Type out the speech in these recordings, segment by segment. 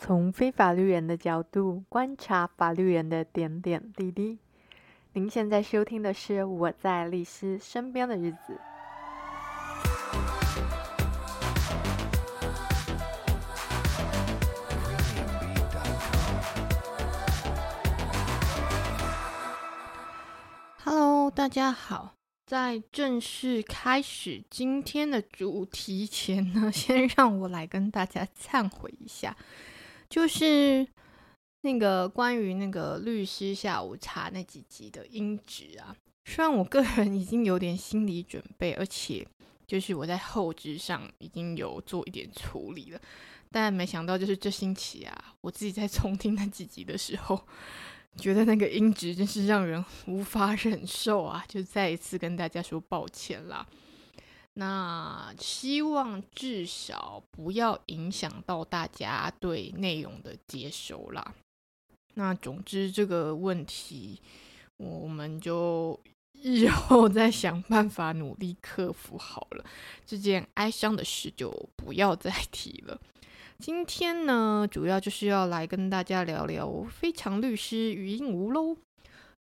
從非法律人的角度觀察法律人的點點滴滴。您現在收聽的是《我在利斯身邊的日子》。Hello，大家好，在正式開始今天的主題前呢，先讓我來跟大家懺悔一下。就是那個關於那個律師下午茶那幾集的音質啊，雖然我個人已經有點心理準備，而且就是我在後製上已經有做一點處理了，但沒想到就是這星期啊，我自己在重聽那幾集的時候，覺得那個音質真是讓人無法忍受啊，就再一次跟大家說抱歉啦。那希望至少不要影響到大家對內容的接收啦。那總之這個問題，我們就日後再想辦法努力克服好了。這件哀傷的事就不要再提了。今天呢，主要就是要來跟大家聊聊《非常律師禹英禑》。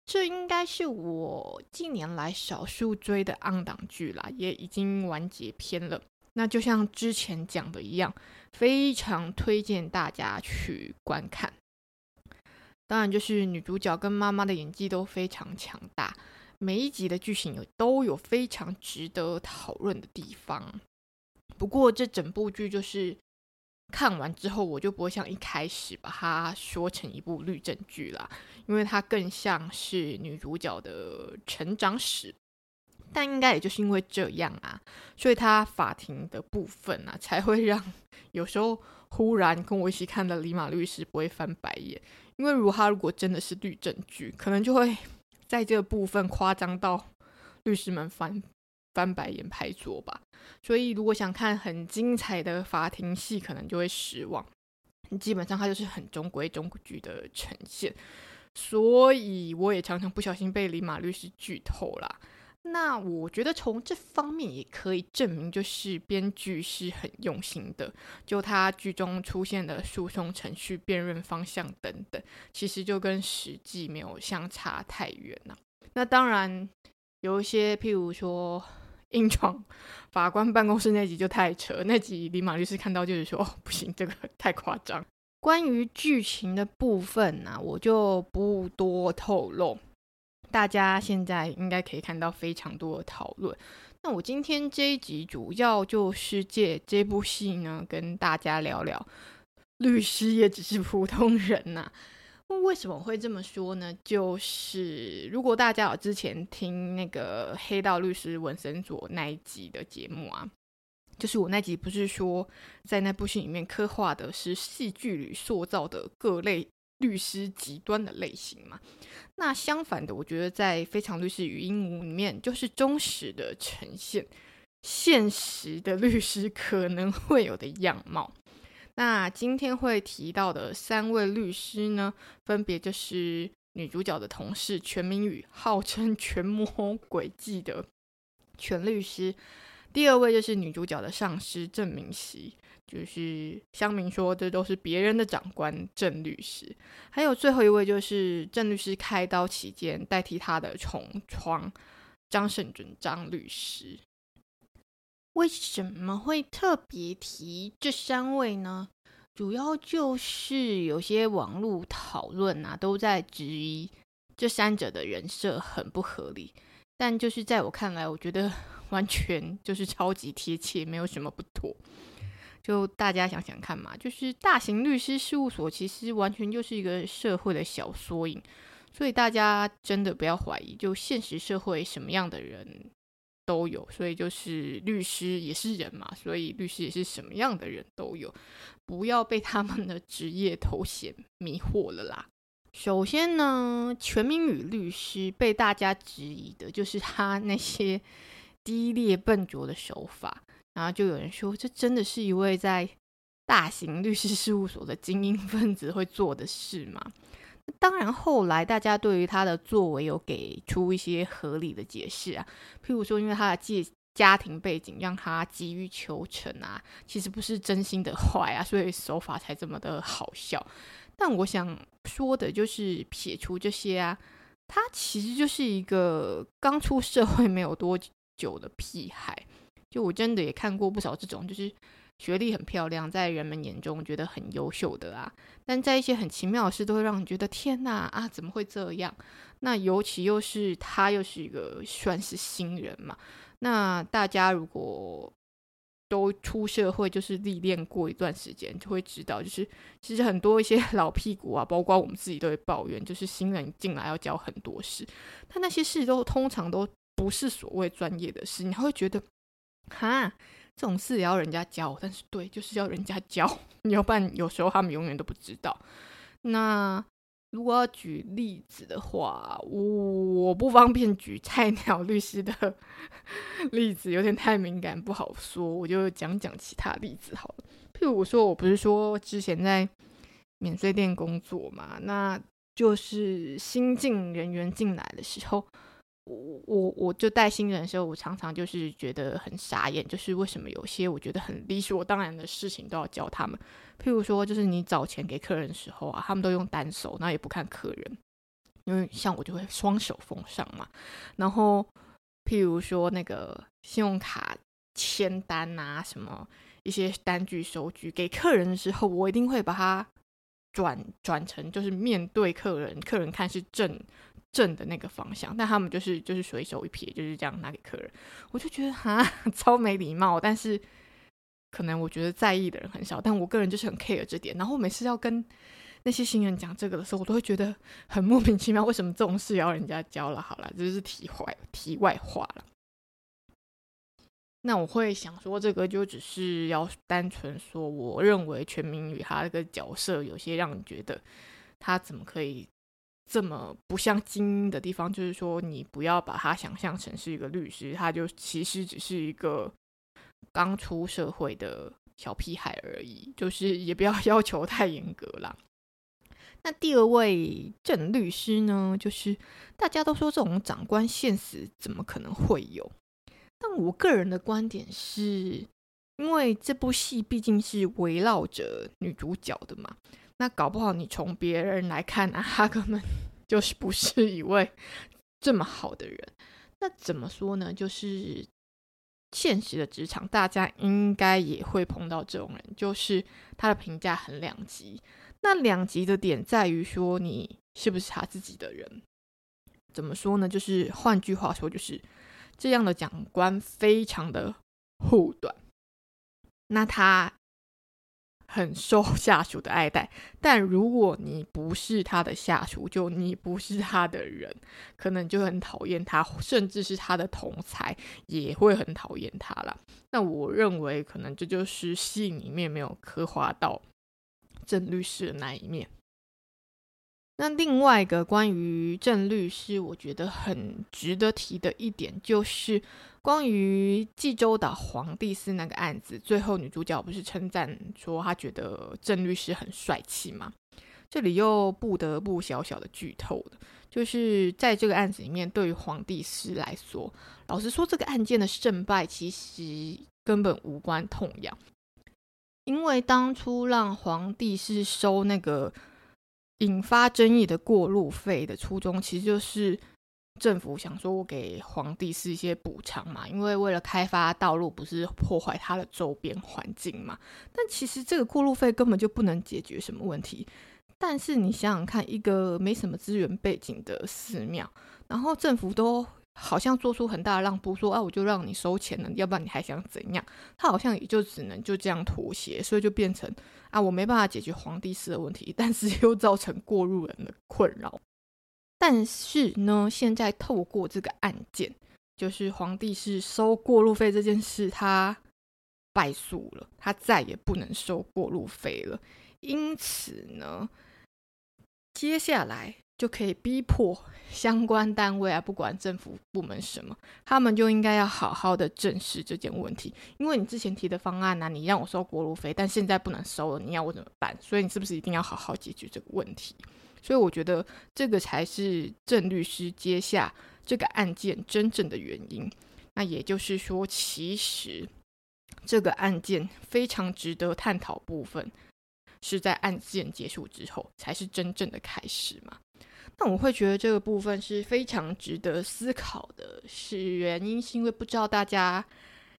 這應該是我近年來少數追的暗檔劇啦，也已經完結篇了。那就像之前講的一樣，非常推薦大家去觀看。當然，就是女主角跟媽媽的演技都非常強大，每一集的劇情有都有非常值得討論的地方。不過，這整部劇就是。看完之後，我就不會想一開始把它說成一部律政劇了，因為它更像是女主角的成長史。但應該也就是因為這樣啊，所以他法庭的部分啊，才會讓有時候忽然跟我一起看的李馬律師不會翻白眼，因為如他如果真的是律政劇，可能就會在這個部分誇張到律師們翻。翻白眼拍桌吧！所以如果想看很精彩的法庭戲，可能就會失望。基本上它就是很中規中矩的呈現，所以我也常常不小心被李馬律師劇透啦。那我覺得從這方面也可以證明，就是編劇是很用心的。就他劇中出現的訴訟程序、辯論方向等等，其實就跟實際沒有相差太遠吶、啊。那當然有一些，譬如說。硬闖法官辦公室那集就太扯，那集李馬律師看到就是說不行，這個太誇張。關於劇情的部分啊，我就不多透露。大家現在應該可以看到非常多的討論。那我今天這一集主要就是借這部戲呢，跟大家聊聊，律師也只是普通人吶啊。為什麼會這麼說呢？就是如果大家有之前聽那個《黑道律師文森佐》那一集的節目啊，就是我那集不是說在那部戲裡面刻畫的是戲劇裡塑造的各類律師極端的類型嘛？那相反的，我覺得在《非常律師禹英禑》裡面，就是忠實的呈現現實的律師可能會有的樣貌。那今天會提到的三位律師呢，分別就是女主角的同事權明宇，號稱“權謀詭計”的權律師；第二位就是女主角的上司鄭明熙，就是鄉民說這都是別人的長官鄭律師；還有最後一位就是鄭律師開刀期間代替他的重創張勝準張律師。為什麼會特別提這三位呢？主要就是有些網絡討論啊，都在質疑這三者的人設很不合理。但就是在我看來，我覺得完全就是超級貼切，沒有什麼不妥。就大家想想看嘛，就是大型律師事務所其實完全就是一個社會的小縮影，所以大家真的不要懷疑，就現實社會什麼樣的人。都有，所以就是律師也是人嘛，所以律師也是什麼樣的人都有，不要被他們的職業頭銜迷惑了啦。首先呢，權敏禹律師被大家質疑的就是他那些低劣笨拙的手法，然後就有人說，這真的是一位在大型律師事務所的精英分子會做的事嗎？當然，後來大家對於他的作為有給出一些合理的解釋啊，譬如說，因為他的借家庭背景讓他急於求成啊，其實不是真心的壞啊，所以手法才這麼的好笑。但我想說的就是撇除這些啊，他其實就是一個剛出社會沒有多久的屁孩。就我真的也看過不少這種，就是。學歷很漂亮，在人們眼中覺得很優秀的啊，但在一些很奇妙的事，都會讓你覺得天哪啊，怎麼會這樣？那尤其又是他，又是一個算是新人嘛。那大家如果都出社會，就是歷練過一段時間，就會知道、就是，就是其實很多一些老屁股啊，包括我們自己都會抱怨，就是新人進來要教很多事，但那些事都通常都不是所謂專業的事，你還會覺得哈。這種事也要人家教，但是對，就是要人家教。你要不然有時候他們永遠都不知道。那如果要舉例子的話，我不方便舉菜鳥律師的例子，有點太敏感，不好說，我就講講其他例子好了。譬如我說，我不是說之前在免稅店工作嘛，那就是新進人員進來的時候。我我我就帶新人的時候，我常常就是覺得很傻眼，就是為什麼有些我覺得很理所當然的事情都要教他們。譬如說，就是你找錢給客人的時候啊，他們都用單手，那也不看客人，因為像我就會雙手奉上嘛。然後，譬如說那個信用卡簽單啊，什麼一些單據收據給客人的時候，我一定會把它轉轉成就是面對客人，客人看是正。正的那個方向，但他們就是就是隨手一撇，就是這樣拿給客人，我就覺得哈超沒禮貌。但是可能我覺得在意的人很少，但我個人就是很 care 這點。然後每次要跟那些新人講這個的時候，我都會覺得很莫名其妙，為什麼這種事要人家教了？好了，這是題外題外話了。那我會想說，這個就只是要單純說，我認為權珉宇他那個角色有些讓人覺得他怎麼可以。這麼不像精英的地方，就是說你不要把他想象成是一個律師，他就其實只是一個剛出社會的小屁孩而已，就是也不要要求太嚴格啦。那第二位鄭律師呢，就是大家都說這種長官現實怎麼可能會有？但我個人的觀點是，因為這部戲畢竟是圍繞着女主角的嘛，那搞不好你從別人來看啊，哈哥們。就是不是一位這麼好的人，那怎麼說呢？就是現實的職場，大家應該也會碰到這種人，就是他的評價很兩極。那兩極的點在於說，你是不是他自己的人？怎麼說呢？就是換句話說，就是這樣的長官非常的護短。那他。很受下屬的愛戴，但如果你不是他的下屬，就你不是他的人，可能就很討厭他，甚至是他的同儕也會很討厭他啦。那我認為，可能這就是戲裡面沒有刻畫到鄭律師的那一面。那另外一個關於鄭律師，我覺得很值得提的一點，就是關於濟州島皇帝寺那個案子，最後女主角不是稱讚說她覺得鄭律師很帥氣嗎？這裡又不得不小小的劇透了，就是在這個案子裡面，對於皇帝寺來說，老實說，這個案件的勝敗其實根本無關痛癢，因為當初讓皇帝寺收那個。引發爭議的過路費的初衷其實就是政府想說，我給皇帝是一些補償嘛，因為為了開發道路，不是破壞他的周邊環境嘛。但其實這個過路費根本就不能解決什麼問題。但是你想想看，一個沒什麼資源背景的寺廟，然後政府都。好像做出很大的讓步，說啊，我就讓你收錢了，要不然你還想怎樣？他好像也就只能就這樣妥協，所以就變成啊，我沒辦法解決皇帝室的問題，但是又造成過路人的困擾。但是呢，現在透過這個案件，就是皇帝是收過路費這件事，他敗訴了，他再也不能收過路費了。因此呢，接下來。就可以逼迫相關單位啊，不管政府部門什麼，他們就應該要好好的正視這件問題。因為你之前提的方案呢、啊，你讓我收過路費，但現在不能收了，你要我怎麼辦？所以你是不是一定要好好解決這個問題？所以我覺得這個才是鄭律師接下這個案件真正的原因。那也就是說，其實這個案件非常值得探討的部分，是在案件結束之後才是真正的開始嘛。那我會覺得這個部分是非常值得思考的，是原因是因為不知道大家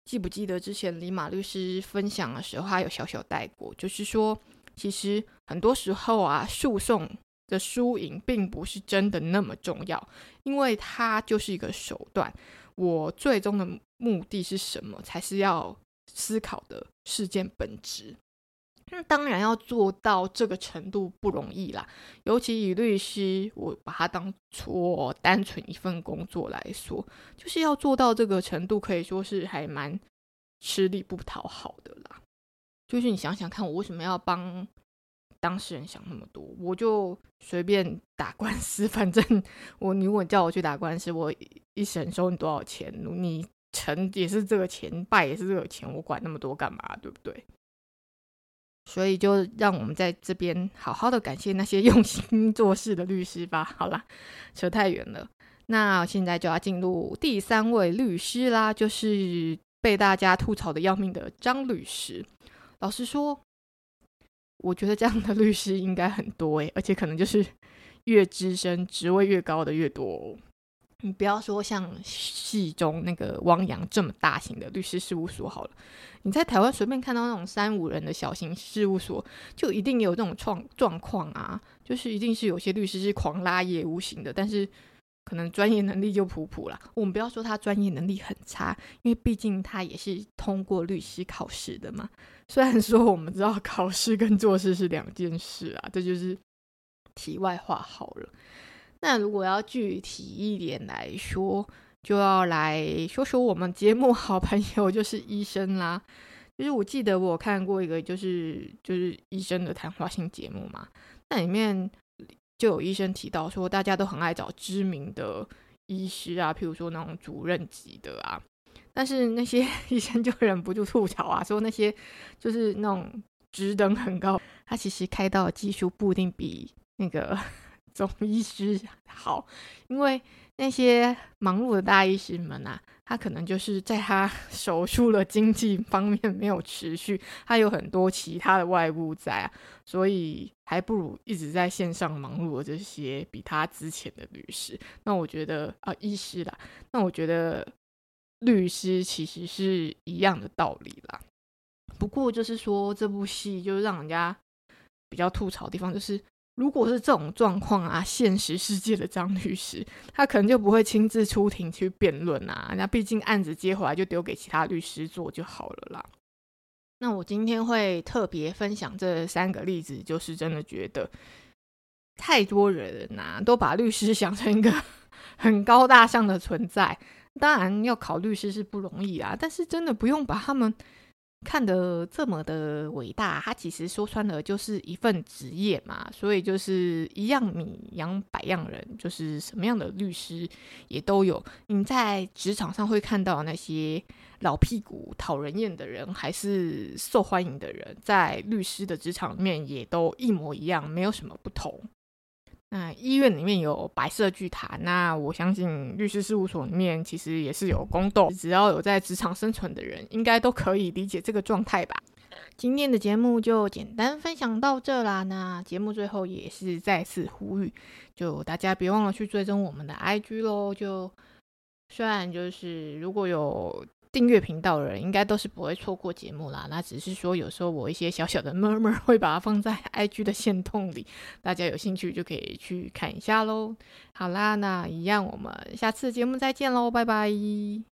記不記得之前李馬律師分享的時候，他有小小帶過，就是說，其實很多時候啊，訴訟的輸贏並不是真的那麼重要，因為它就是一個手段，我最終的目的是什麼，才是要思考的事件本質。那當然要做到這個程度不容易啦，尤其以律師，我把它當做單純一份工作來說，就是要做到這個程度，可以說是還蠻吃力不討好的啦。就是你想想看，我為什麼要幫當事人想那麼多？我就隨便打官司，反正我如果叫我去打官司，我一審收你多少錢，你成也是這個錢，敗也是這個錢，我管那麼多幹嘛？對不對？所以就讓我們在這邊好好的感謝那些用心做事的律師吧。好啦，扯太遠了。那現在就要進入第三位律師啦，就是被大家吐槽的要命的張律師。老實說，我覺得這樣的律師應該很多誒、欸，而且可能就是越資深、職位越高的越多、哦。你不要說像戲中那個汪洋這麼大型的律師事務所好了，你在台灣隨便看到那種三五人的小型事務所，就一定有這種狀狀況啊，就是一定是有些律師是狂拉業務型的，但是可能專業能力就普普了。我們不要說他專業能力很差，因為畢竟他也是通過律師考試的嘛。雖然說我們知道考試跟做事是兩件事啊，這就是題外話好了。那如果要具體一點來說，就要來說說我們節目好朋友，就是醫生啦。就是我記得我看過一個，就是就是醫生的談話性節目嘛。那裡面就有醫生提到說，大家都很愛找知名的醫師啊，譬如說那種主任級的啊。但是那些醫生就忍不住吐槽啊，說那些就是那種職等很高，他其實開刀技術不一定比那個，總醫師好，因為那些忙碌的大醫師們啊，他可能就是在他手術的經濟方面沒有持續，他有很多其他的外務在啊，所以還不如一直在線上忙碌的這些比他之前的律師。那我覺得啊，醫師啦，那我覺得律師其實是一樣的道理啦。不過就是說這部戲就是讓人家比較吐槽的地方就是。如果是這種狀況啊，現實世界的張律師，他可能就不會親自出庭去辯論啊。那畢竟案子接回來就丟給其他律師做就好了啦。那我今天會特別分享這三個例子，就是真的覺得太多人吶、啊，都把律師想成一個很高大上的存在。當然，要考律師是不容易啊，但是真的不用把他們。看得這麼的偉大，他其實說穿了就是一份職業嘛，所以就是一樣米養百樣人，就是什麼樣的律師也都有。你在職場上會看到那些老屁股、討人厭的人，還是受歡迎的人，在律師的職場裡面也都一模一樣，沒有什麼不同。那、嗯、醫院裡面有白色巨塔，那我相信律師事務所裡面其實也是有宮鬥。只要有在職場生存的人，應該都可以理解這個狀態吧。今天的節目就簡單分享到這啦。那節目最後也是再次呼籲，就大家別忘了去追蹤我們的 IG 嘍。就算就是如果有。訂閱頻道的人應該都是不會錯過節目啦。那只是說，有時候我一些小小的 murmur 會把它放在 IG 的限動裡，大家有興趣就可以去看一下嘍。好啦，那一樣，我們下次節目再見嘍，拜拜。